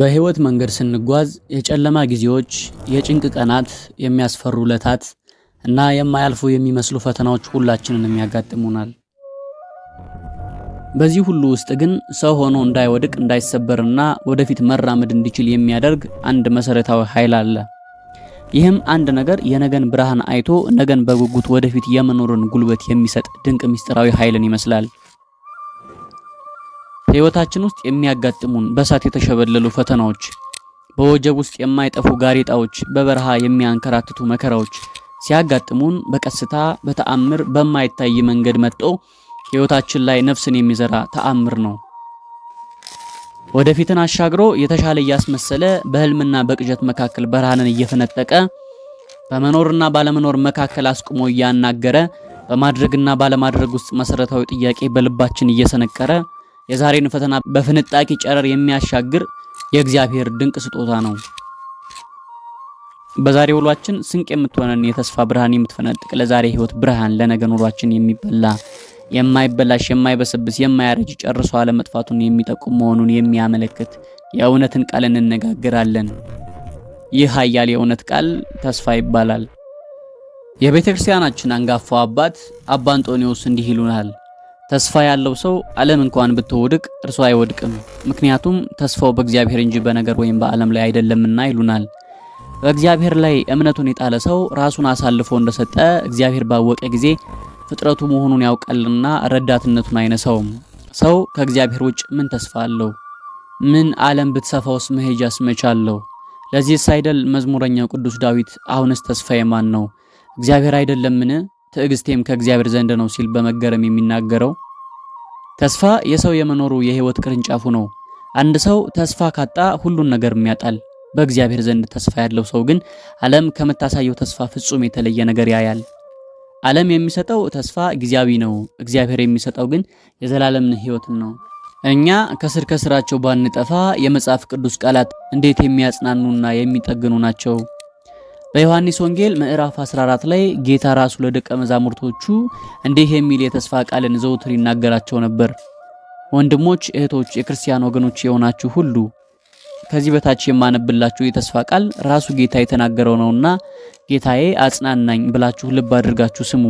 በህይወት መንገድ ስንጓዝ የጨለማ ጊዜዎች፣ የጭንቅ ቀናት፣ የሚያስፈሩ ለታት እና የማያልፉ የሚመስሉ ፈተናዎች ሁላችንንም ያጋጥሙናል። በዚህ ሁሉ ውስጥ ግን ሰው ሆኖ እንዳይወድቅ እንዳይሰበርና ወደፊት መራመድ እንዲችል የሚያደርግ አንድ መሰረታዊ ኃይል አለ። ይህም አንድ ነገር የነገን ብርሃን አይቶ ነገን በጉጉት ወደፊት የመኖርን ጉልበት የሚሰጥ ድንቅ ምስጢራዊ ኃይልን ይመስላል። ህይወታችን ውስጥ የሚያጋጥሙን በእሳት የተሸበለሉ ፈተናዎች፣ በወጀብ ውስጥ የማይጠፉ ጋሬጣዎች፣ በበረሃ የሚያንከራትቱ መከራዎች ሲያጋጥሙን በቀስታ በተአምር በማይታይ መንገድ መጥቶ ህይወታችን ላይ ነፍስን የሚዘራ ተአምር ነው። ወደፊትን አሻግሮ የተሻለ እያስመሰለ በህልምና በቅዠት መካከል ብርሃንን እየፈነጠቀ በመኖርና ባለመኖር መካከል አስቁሞ እያናገረ በማድረግና ባለማድረግ ውስጥ መሰረታዊ ጥያቄ በልባችን እየሰነቀረ የዛሬን ፈተና በፍንጣቂ ጨረር የሚያሻግር የእግዚአብሔር ድንቅ ስጦታ ነው። በዛሬ ውሏችን ስንቅ የምትሆነን የተስፋ ብርሃን የምትፈነጥቅ ለዛሬ ህይወት ብርሃን ለነገ ኑሯችን የሚበላ የማይበላሽ የማይበሰብስ የማያረጅ ጨርሶ አለመጥፋቱን የሚጠቁም መሆኑን የሚያመለክት የእውነትን ቃል እንነጋገራለን። ይህ ኃያል የእውነት ቃል ተስፋ ይባላል። የቤተ ክርስቲያናችን አንጋፋው አባት አባ አንጦኒዎስ እንዲህ ይሉናል። ተስፋ ያለው ሰው ዓለም እንኳን ብትወድቅ እርሱ አይወድቅም፣ ምክንያቱም ተስፋው በእግዚአብሔር እንጂ በነገር ወይም በዓለም ላይ አይደለምና ይሉናል። በእግዚአብሔር ላይ እምነቱን የጣለ ሰው ራሱን አሳልፎ እንደሰጠ እግዚአብሔር ባወቀ ጊዜ ፍጥረቱ መሆኑን ያውቃልና ረዳትነቱን አይነሳውም። ሰው ከእግዚአብሔር ውጭ ምን ተስፋ አለው? ምን ዓለም ብትሰፋውስ መሄጃስ መቻ አለው? ለዚህስ አይደል መዝሙረኛው ቅዱስ ዳዊት አሁንስ ተስፋ የማን ነው? እግዚአብሔር አይደለምን? ትዕግስቴም ከእግዚአብሔር ዘንድ ነው ሲል በመገረም የሚናገረው ተስፋ የሰው የመኖሩ የህይወት ቅርንጫፉ ነው። አንድ ሰው ተስፋ ካጣ ሁሉን ነገር ያጣል። በእግዚአብሔር ዘንድ ተስፋ ያለው ሰው ግን ዓለም ከምታሳየው ተስፋ ፍጹም የተለየ ነገር ያያል። ዓለም የሚሰጠው ተስፋ ጊዜያዊ ነው። እግዚአብሔር የሚሰጠው ግን የዘላለምን ህይወትን ነው። እኛ ከስር ከስራቸው ባንጠፋ የመጽሐፍ ቅዱስ ቃላት እንዴት የሚያጽናኑና የሚጠግኑ ናቸው። በዮሐንስ ወንጌል ምዕራፍ 14 ላይ ጌታ ራሱ ለደቀ መዛሙርቶቹ እንዲህ የሚል የተስፋ ቃልን ዘውትር ይናገራቸው ነበር። ወንድሞች፣ እህቶች፣ የክርስቲያን ወገኖች የሆናችሁ ሁሉ ከዚህ በታች የማነብላችሁ የተስፋ ቃል ራሱ ጌታ የተናገረው ነውና ጌታዬ አጽናናኝ ብላችሁ ልብ አድርጋችሁ ስሙ።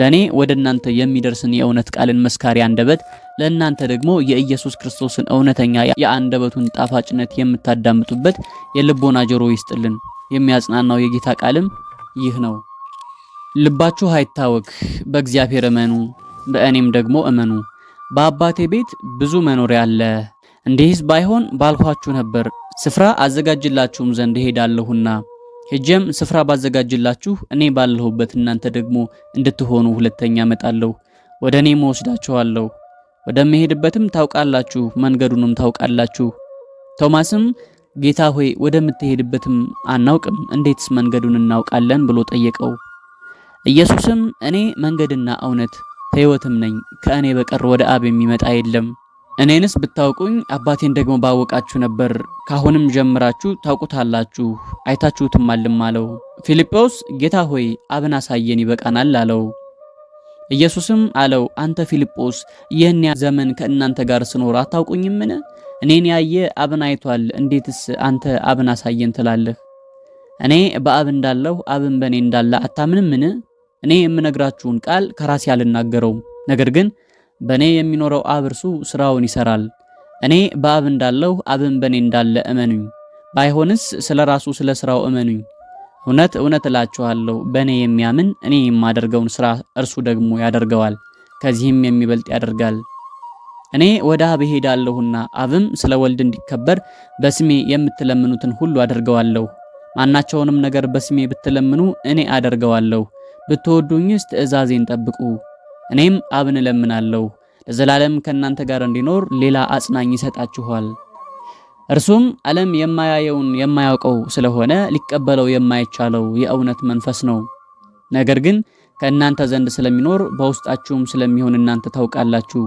ለእኔ ወደ እናንተ የሚደርስን የእውነት ቃልን መስካሪ አንደበት፣ ለእናንተ ደግሞ የኢየሱስ ክርስቶስን እውነተኛ የአንደበቱን ጣፋጭነት የምታዳምጡበት የልቦና ጆሮ ይስጥልን። የሚያጽናናው የጌታ ቃልም ይህ ነው። ልባችሁ አይታወክ፣ በእግዚአብሔር እመኑ፣ በእኔም ደግሞ እመኑ። በአባቴ ቤት ብዙ መኖሪያ አለ። እንዲህስ ባይሆን ባልኋችሁ ነበር። ስፍራ አዘጋጅላችሁም ዘንድ እሄዳለሁና ሄጀም ስፍራ ባዘጋጅላችሁ እኔ ባለሁበት እናንተ ደግሞ እንድትሆኑ ሁለተኛ እመጣለሁ፣ ወደ እኔም ወስዳችኋለሁ። ወደምሄድበትም ታውቃላችሁ፣ መንገዱንም ታውቃላችሁ። ቶማስም ጌታ ሆይ ወደምትሄድበትም አናውቅም፣ እንዴትስ መንገዱን እናውቃለን ብሎ ጠየቀው። ኢየሱስም እኔ መንገድና እውነት ሕይወትም ነኝ፣ ከእኔ በቀር ወደ አብ የሚመጣ የለም። እኔንስ ብታውቁኝ አባቴን ደግሞ ባወቃችሁ ነበር፣ ካሁንም ጀምራችሁ ታውቁታላችሁ፣ አይታችሁትም አልም አለው። ፊልጶስ ጌታ ሆይ አብን አሳየን ይበቃናል አለው። ኢየሱስም አለው አንተ ፊልጶስ ይህን ዘመን ከእናንተ ጋር ስኖር አታውቁኝምን? እኔን ያየ አብን አይቷል፣ እንዴትስ አንተ አብን አሳየን ትላለህ? እኔ በአብ እንዳለሁ አብን በእኔ እንዳለ ምን እኔ የምነግራችሁን ቃል ከራሴ አልናገረውም፣ ነገር ግን በእኔ የሚኖረው አብ እርሱ ስራውን ይሰራል። እኔ በአብ እንዳለሁ አብን በእኔ እንዳለ እመኑኝ፣ ባይሆንስ ስለ ራሱ ስለ ስራው እመኑኝ። እውነት እውነት እላችኋለሁ በእኔ የሚያምን እኔ የማደርገውን ስራ እርሱ ደግሞ ያደርገዋል፣ ከዚህም የሚበልጥ ያደርጋል እኔ ወደ አብ እሄዳለሁና አብም ስለ ወልድ እንዲከበር በስሜ የምትለምኑትን ሁሉ አደርገዋለሁ። ማናቸውንም ነገር በስሜ ብትለምኑ እኔ አደርገዋለሁ። ብትወዱኝስ ትእዛዜን ጠብቁ። እኔም አብን እለምናለሁ ለዘላለም ከእናንተ ጋር እንዲኖር ሌላ አጽናኝ ይሰጣችኋል። እርሱም ዓለም የማያየውን የማያውቀው ስለሆነ ሊቀበለው የማይቻለው የእውነት መንፈስ ነው። ነገር ግን ከእናንተ ዘንድ ስለሚኖር በውስጣችሁም ስለሚሆን እናንተ ታውቃላችሁ።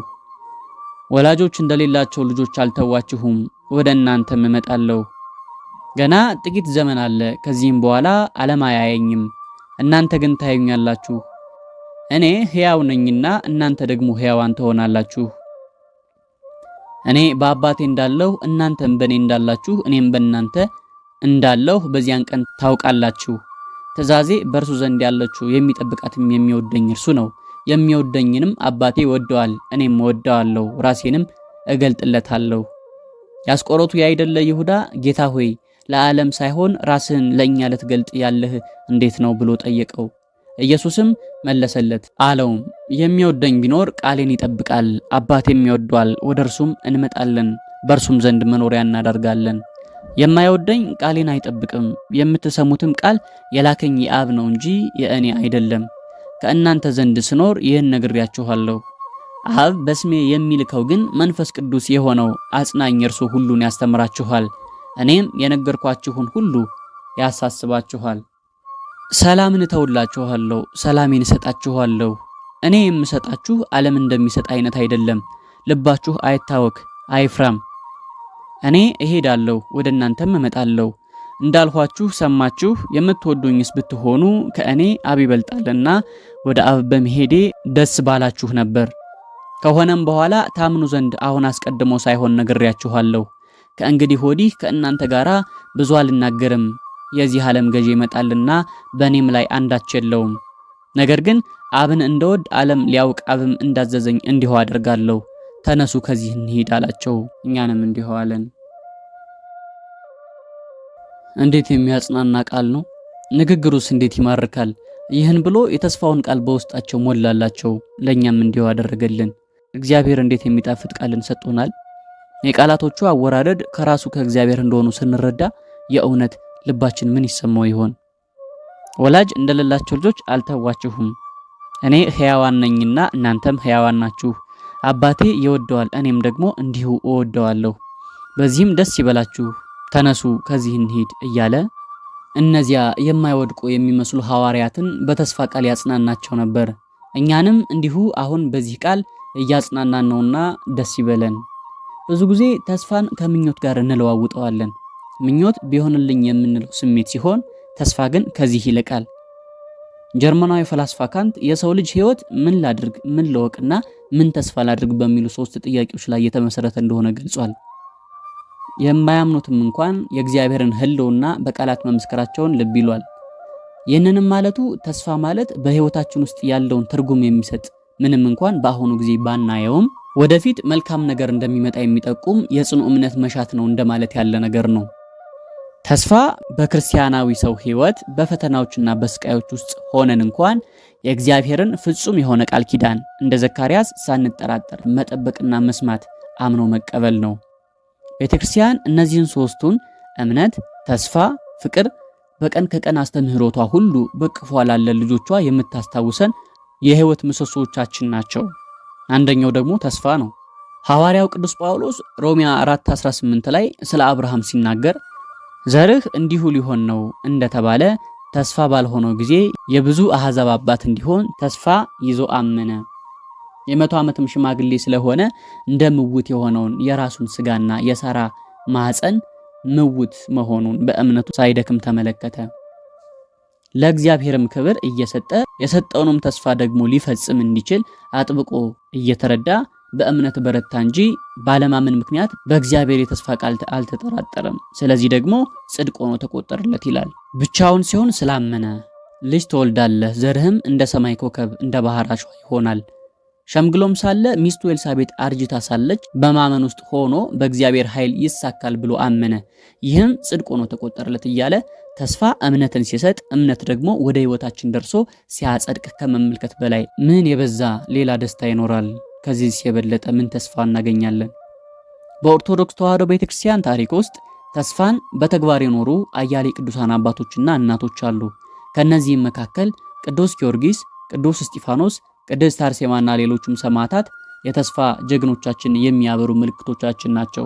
ወላጆች እንደሌላቸው ልጆች አልተዋችሁም፣ ወደ እናንተም እመጣለሁ። ገና ጥቂት ዘመን አለ፣ ከዚህም በኋላ ዓለም አያየኝም፣ እናንተ ግን ታዩኛላችሁ። እኔ ሕያው ነኝና እናንተ ደግሞ ሕያዋን ትሆናላችሁ። እኔ በአባቴ እንዳለሁ እናንተም በእኔ እንዳላችሁ እኔም በእናንተ እንዳለሁ በዚያን ቀን ታውቃላችሁ። ትእዛዜ በእርሱ ዘንድ ያለችው የሚጠብቃትም የሚወደኝ እርሱ ነው። የሚወደኝንም አባቴ ይወደዋል፣ እኔም ወደዋለሁ፣ ራሴንም እገልጥለታለሁ። ያስቆሮቱ ያይደለ ይሁዳ ጌታ ሆይ ለዓለም ሳይሆን ራስህን ለእኛ ልትገልጥ ያለህ እንዴት ነው ብሎ ጠየቀው። ኢየሱስም መለሰለት አለውም፣ የሚወደኝ ቢኖር ቃሌን ይጠብቃል፣ አባቴም ይወደዋል፣ ወደ እርሱም እንመጣለን፣ በእርሱም ዘንድ መኖሪያ እናደርጋለን። የማይወደኝ ቃሌን አይጠብቅም፣ የምትሰሙትም ቃል የላከኝ የአብ ነው እንጂ የእኔ አይደለም። ከእናንተ ዘንድ ስኖር ይህን ነግሬያችኋለሁ። አብ በስሜ የሚልከው ግን መንፈስ ቅዱስ የሆነው አጽናኝ እርሱ ሁሉን ያስተምራችኋል፣ እኔም የነገርኳችሁን ሁሉ ያሳስባችኋል። ሰላምን እተውላችኋለሁ፣ ሰላሜን እሰጣችኋለሁ። እኔ የምሰጣችሁ ዓለም እንደሚሰጥ አይነት አይደለም። ልባችሁ አይታወክ አይፍራም። እኔ እሄዳለሁ፣ ወደ እናንተም እመጣለሁ እንዳልኋችሁ ሰማችሁ። የምትወዱኝስ ብትሆኑ ከእኔ አብ ይበልጣልና ወደ አብ በመሄዴ ደስ ባላችሁ ነበር። ከሆነም በኋላ ታምኑ ዘንድ አሁን አስቀድሞ ሳይሆን ነግሬያችኋለሁ። ከእንግዲህ ወዲህ ከእናንተ ጋራ ብዙ አልናገርም፣ የዚህ ዓለም ገዢ ይመጣልና በእኔም ላይ አንዳች የለውም። ነገር ግን አብን እንደወድ ዓለም ሊያውቅ አብም እንዳዘዘኝ እንዲሁ አደርጋለሁ። ተነሱ ከዚህ እንሂድ አላቸው። እኛንም እንዲሁ አለን። እንዴት የሚያጽናና ቃል ነው! ንግግሩስ እንዴት ይማርካል! ይህን ብሎ የተስፋውን ቃል በውስጣቸው ሞላላቸው። ለእኛም እንዲሁ አደረገልን። እግዚአብሔር እንዴት የሚጣፍጥ ቃልን ሰጥቶናል! የቃላቶቹ አወራረድ ከራሱ ከእግዚአብሔር እንደሆኑ ስንረዳ የእውነት ልባችን ምን ይሰማው ይሆን? ወላጅ እንደሌላቸው ልጆች አልተዋችሁም፣ እኔ ሕያዋን ነኝና እናንተም ሕያዋን ናችሁ። አባቴ ይወደዋል፣ እኔም ደግሞ እንዲሁ እወደዋለሁ። በዚህም ደስ ይበላችሁ ተነሱ ከዚህ እንሂድ እያለ እነዚያ የማይወድቁ የሚመስሉ ሐዋርያትን በተስፋ ቃል ያጽናናቸው ነበር። እኛንም እንዲሁ አሁን በዚህ ቃል እያጽናናን ነውና ደስ ይበለን። ብዙ ጊዜ ተስፋን ከምኞት ጋር እንለዋውጠዋለን። ምኞት ቢሆንልኝ የምንለው ስሜት ሲሆን ተስፋ ግን ከዚህ ይልቃል። ጀርመናዊ ፈላስፋ ካንት የሰው ልጅ ሕይወት ምን ላድርግ፣ ምን ልወቅና ምን ተስፋ ላድርግ በሚሉ ሶስት ጥያቄዎች ላይ የተመሰረተ እንደሆነ ገልጿል። የማያምኑትም እንኳን የእግዚአብሔርን ሕልውና በቃላት መመስከራቸውን ልብ ይሏል። ይህንንም ማለቱ ተስፋ ማለት በሕይወታችን ውስጥ ያለውን ትርጉም የሚሰጥ ምንም እንኳን በአሁኑ ጊዜ ባናየውም ወደፊት መልካም ነገር እንደሚመጣ የሚጠቁም የጽኑ እምነት መሻት ነው እንደማለት ያለ ነገር ነው። ተስፋ በክርስቲያናዊ ሰው ሕይወት በፈተናዎችና በስቃዮች ውስጥ ሆነን እንኳን የእግዚአብሔርን ፍጹም የሆነ ቃል ኪዳን እንደ ዘካርያስ ሳንጠራጠር መጠበቅና መስማት አምኖ መቀበል ነው። ቤተ ክርስቲያን እነዚህን ሦስቱን እምነት፣ ተስፋ፣ ፍቅር በቀን ከቀን አስተምህሮቷ ሁሉ በቅፏ ላለን ልጆቿ የምታስታውሰን የህይወት ምሰሶዎቻችን ናቸው። አንደኛው ደግሞ ተስፋ ነው። ሐዋርያው ቅዱስ ጳውሎስ ሮሚያ 4:18 ላይ ስለ አብርሃም ሲናገር ዘርህ እንዲሁ ሊሆን ነው እንደተባለ ተስፋ ባልሆነው ጊዜ የብዙ አሕዛብ አባት እንዲሆን ተስፋ ይዞ አመነ። የመቶ ዓመትም ሽማግሌ ስለሆነ እንደ ምውት የሆነውን የራሱን ስጋና የሳራ ማፀን ምውት መሆኑን በእምነቱ ሳይደክም ተመለከተ። ለእግዚአብሔርም ክብር እየሰጠ የሰጠውንም ተስፋ ደግሞ ሊፈጽም እንዲችል አጥብቆ እየተረዳ በእምነት በረታ እንጂ ባለማመን ምክንያት በእግዚአብሔር የተስፋ ቃል አልተጠራጠረም። ስለዚህ ደግሞ ጽድቅ ሆኖ ተቆጠረለት ይላል። ብቻውን ሲሆን ስላመነ ልጅ ትወልዳለህ፣ ዘርህም እንደ ሰማይ ኮከብ እንደ ባህር አሸዋ ይሆናል ሸምግሎም ሳለ ሚስቱ ኤልሳቤጥ አርጅታ ሳለች በማመን ውስጥ ሆኖ በእግዚአብሔር ኃይል ይሳካል ብሎ አመነ፣ ይህም ጽድቅ ሆኖ ተቆጠረለት እያለ ተስፋ እምነትን ሲሰጥ እምነት ደግሞ ወደ ህይወታችን ደርሶ ሲያጸድቅ ከመመልከት በላይ ምን የበዛ ሌላ ደስታ ይኖራል? ከዚህ የበለጠ ምን ተስፋ እናገኛለን? በኦርቶዶክስ ተዋሕዶ ቤተክርስቲያን ታሪክ ውስጥ ተስፋን በተግባር የኖሩ አያሌ ቅዱሳን አባቶችና እናቶች አሉ። ከእነዚህም መካከል ቅዱስ ጊዮርጊስ፣ ቅዱስ እስጢፋኖስ ቅድስት አርሴማና ሌሎቹም ሰማዕታት የተስፋ ጀግኖቻችን የሚያበሩ ምልክቶቻችን ናቸው።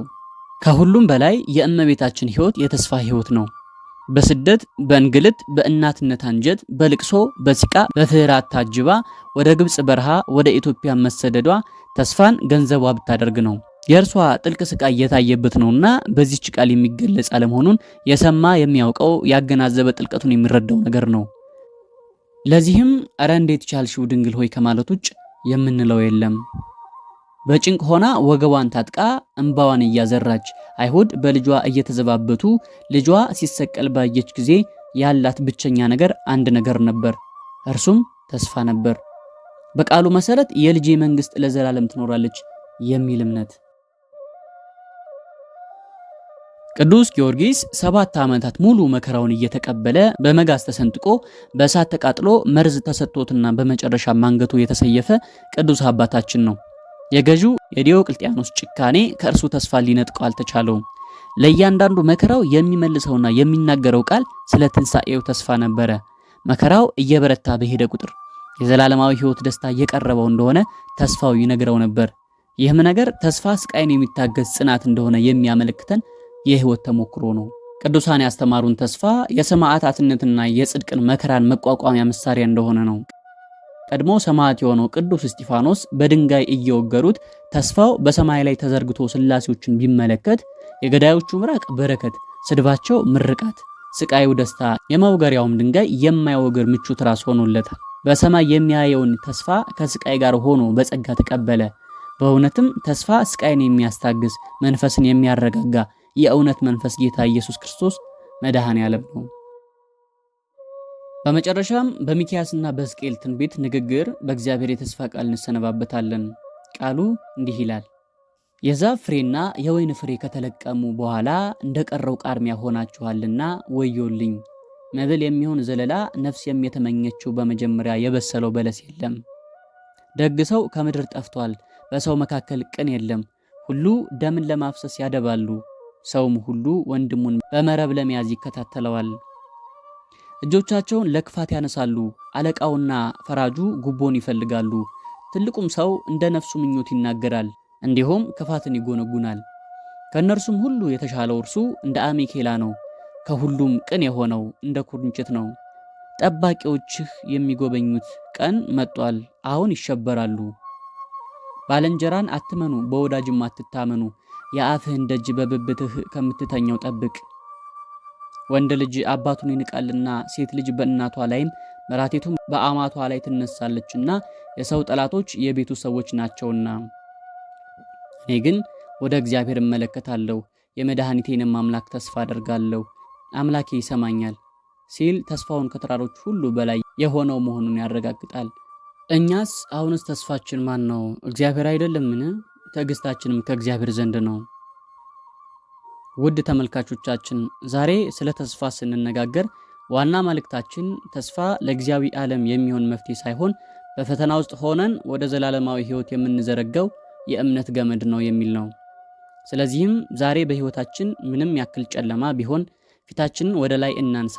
ከሁሉም በላይ የእመቤታችን ሕይወት የተስፋ ሕይወት ነው። በስደት፣ በእንግልት፣ በእናትነት አንጀት፣ በልቅሶ፣ በሲቃ፣ በፍራት ታጅባ ወደ ግብፅ በረሃ ወደ ኢትዮጵያ መሰደዷ ተስፋን ገንዘቧ ብታደርግ ነው። የእርሷ ጥልቅ ስቃይ እየታየበት ነውና በዚች ቃል የሚገለጽ አለመሆኑን የሰማ የሚያውቀው ያገናዘበ ጥልቀቱን የሚረዳው ነገር ነው። ለዚህም እረ እንዴት ቻልሽው ድንግል ሆይ ከማለት ውጭ የምንለው የለም። በጭንቅ ሆና ወገቧን ታጥቃ እንባዋን እያዘራች አይሁድ በልጇ እየተዘባበቱ ልጇ ሲሰቀል ባየች ጊዜ ያላት ብቸኛ ነገር አንድ ነገር ነበር፣ እርሱም ተስፋ ነበር። በቃሉ መሰረት የልጄ መንግስት ለዘላለም ትኖራለች የሚል እምነት ቅዱስ ጊዮርጊስ ሰባት ዓመታት ሙሉ መከራውን እየተቀበለ በመጋዝ ተሰንጥቆ በእሳት ተቃጥሎ መርዝ ተሰጥቶትና በመጨረሻ አንገቱ የተሰየፈ ቅዱስ አባታችን ነው። የገዢው የዲዮቅልጥያኖስ ጭካኔ ከእርሱ ተስፋ ሊነጥቀው አልተቻለውም። ለእያንዳንዱ መከራው የሚመልሰውና የሚናገረው ቃል ስለ ትንሣኤው ተስፋ ነበረ። መከራው እየበረታ በሄደ ቁጥር የዘላለማዊ ሕይወት ደስታ እየቀረበው እንደሆነ ተስፋው ይነግረው ነበር። ይህም ነገር ተስፋ ስቃይን የሚታገስ ጽናት እንደሆነ የሚያመለክተን የህይወት ተሞክሮ ነው። ቅዱሳን ያስተማሩን ተስፋ የሰማዕታትነትና የጽድቅን መከራን መቋቋሚያ መሳሪያ እንደሆነ ነው። ቀድሞ ሰማዕት የሆነው ቅዱስ እስጢፋኖስ በድንጋይ እየወገሩት ተስፋው በሰማይ ላይ ተዘርግቶ ስላሴዎችን ቢመለከት የገዳዮቹ ምራቅ በረከት፣ ስድባቸው ምርቃት፣ ስቃዩ ደስታ፣ የመውገሪያውም ድንጋይ የማይወገር ምቹ ትራስ ሆኖለታል። በሰማይ የሚያየውን ተስፋ ከስቃይ ጋር ሆኖ በጸጋ ተቀበለ። በእውነትም ተስፋ ስቃይን የሚያስታግስ መንፈስን የሚያረጋጋ የእውነት መንፈስ ጌታ ኢየሱስ ክርስቶስ መድኃኔ ዓለም ነው። በመጨረሻም በሚኪያስና በሕዝቅኤል ትንቢት ንግግር በእግዚአብሔር የተስፋ ቃል እንሰነባበታለን። ቃሉ እንዲህ ይላል። የዛፍ ፍሬና የወይን ፍሬ ከተለቀሙ በኋላ እንደቀረው ቃርሚያ ሆናችኋልና ወዮልኝ። መብል የሚሆን ዘለላ ነፍስ የተመኘችው በመጀመሪያ የበሰለው በለስ የለም። ደግ ሰው ከምድር ጠፍቷል፣ በሰው መካከል ቅን የለም። ሁሉ ደምን ለማፍሰስ ያደባሉ፣ ሰውም ሁሉ ወንድሙን በመረብ ለመያዝ ይከታተለዋል። እጆቻቸውን ለክፋት ያነሳሉ። አለቃውና ፈራጁ ጉቦን ይፈልጋሉ። ትልቁም ሰው እንደ ነፍሱ ምኞት ይናገራል፣ እንዲሁም ክፋትን ይጎነጉናል። ከእነርሱም ሁሉ የተሻለው እርሱ እንደ አሜኬላ ነው፣ ከሁሉም ቅን የሆነው እንደ ኩርንችት ነው። ጠባቂዎችህ የሚጎበኙት ቀን መጥቷል፣ አሁን ይሸበራሉ። ባለንጀራን አትመኑ፣ በወዳጅም አትታመኑ። የአፍህን ደጅ በብብትህ ከምትተኘው ጠብቅ። ወንድ ልጅ አባቱን ይንቃልና ሴት ልጅ በእናቷ ላይም መራቴቱም በአማቷ ላይ ትነሳለችና የሰው ጠላቶች የቤቱ ሰዎች ናቸውና። እኔ ግን ወደ እግዚአብሔር እመለከታለሁ፣ የመድኃኒቴንም አምላክ ተስፋ አደርጋለሁ። አምላኬ ይሰማኛል ሲል ተስፋውን ከተራሮች ሁሉ በላይ የሆነው መሆኑን ያረጋግጣል። እኛስ አሁንስ ተስፋችን ማን ነው? እግዚአብሔር አይደለምን? ትዕግስታችንም ከእግዚአብሔር ዘንድ ነው። ውድ ተመልካቾቻችን ዛሬ ስለ ተስፋ ስንነጋገር ዋና መልእክታችን ተስፋ ለጊዜያዊ ዓለም የሚሆን መፍትሄ ሳይሆን በፈተና ውስጥ ሆነን ወደ ዘላለማዊ ሕይወት የምንዘረጋው የእምነት ገመድ ነው የሚል ነው። ስለዚህም ዛሬ በሕይወታችን ምንም ያክል ጨለማ ቢሆን ፊታችንን ወደ ላይ እናንሳ።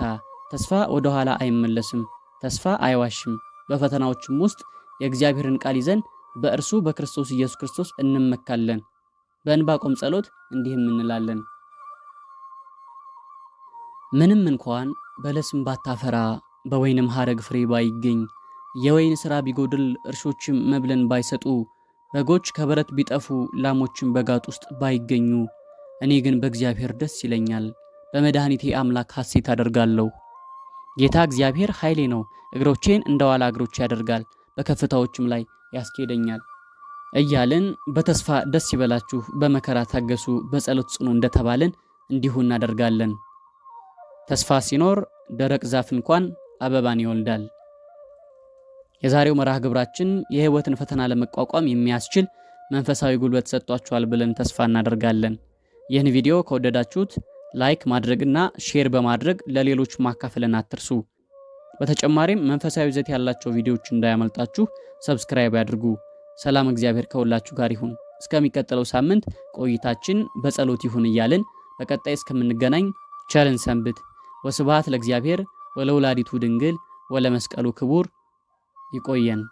ተስፋ ወደ ኋላ አይመለስም። ተስፋ አይዋሽም። በፈተናዎችም ውስጥ የእግዚአብሔርን ቃል ይዘን በእርሱ በክርስቶስ ኢየሱስ ክርስቶስ እንመካለን። በእንባቆም ጸሎት እንዲህም እንላለን። ምንም እንኳን በለስም ባታፈራ በወይንም ሐረግ ፍሬ ባይገኝ የወይን ሥራ ቢጎድል እርሾችም መብልን ባይሰጡ በጎች ከበረት ቢጠፉ ላሞችን በጋጥ ውስጥ ባይገኙ እኔ ግን በእግዚአብሔር ደስ ይለኛል፣ በመድኃኒቴ አምላክ ሐሴት አደርጋለሁ። ጌታ እግዚአብሔር ኃይሌ ነው፣ እግሮቼን እንደ ዋላ እግሮች ያደርጋል፣ በከፍታዎችም ላይ ያስኬደኛል እያልን በተስፋ ደስ ይበላችሁ፣ በመከራ ታገሱ፣ በጸሎት ጽኑ እንደተባልን እንዲሁ እናደርጋለን። ተስፋ ሲኖር ደረቅ ዛፍ እንኳን አበባን ይወልዳል። የዛሬው መርሃ ግብራችን የህይወትን ፈተና ለመቋቋም የሚያስችል መንፈሳዊ ጉልበት ሰጥቷችኋል ብለን ተስፋ እናደርጋለን። ይህን ቪዲዮ ከወደዳችሁት ላይክ ማድረግና ሼር በማድረግ ለሌሎች ማካፈልን አትርሱ። በተጨማሪም መንፈሳዊ ይዘት ያላቸው ቪዲዮዎች እንዳያመልጣችሁ ሰብስክራይብ ያድርጉ። ሰላም፣ እግዚአብሔር ከሁላችሁ ጋር ይሁን። እስከሚቀጥለው ሳምንት ቆይታችን በጸሎት ይሁን እያልን በቀጣይ እስከምንገናኝ ቸርን ሰንብት። ወስብሐት ለእግዚአብሔር ወለወላዲቱ ድንግል ወለመስቀሉ ክቡር። ይቆየን።